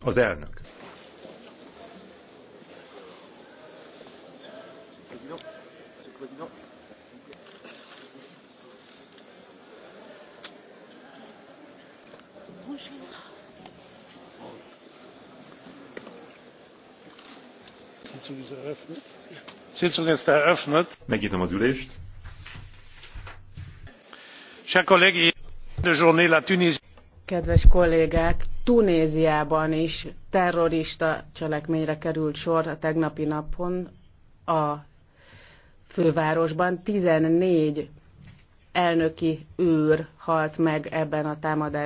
Az elnök. megnyitom az ülést. chers collègues a de journée la tunisie kedves kollégák, Tunéziában is terrorista cselekményre került sor a tegnapi napon a fővárosban. 14 elnöki őr halt meg ebben a támadásban.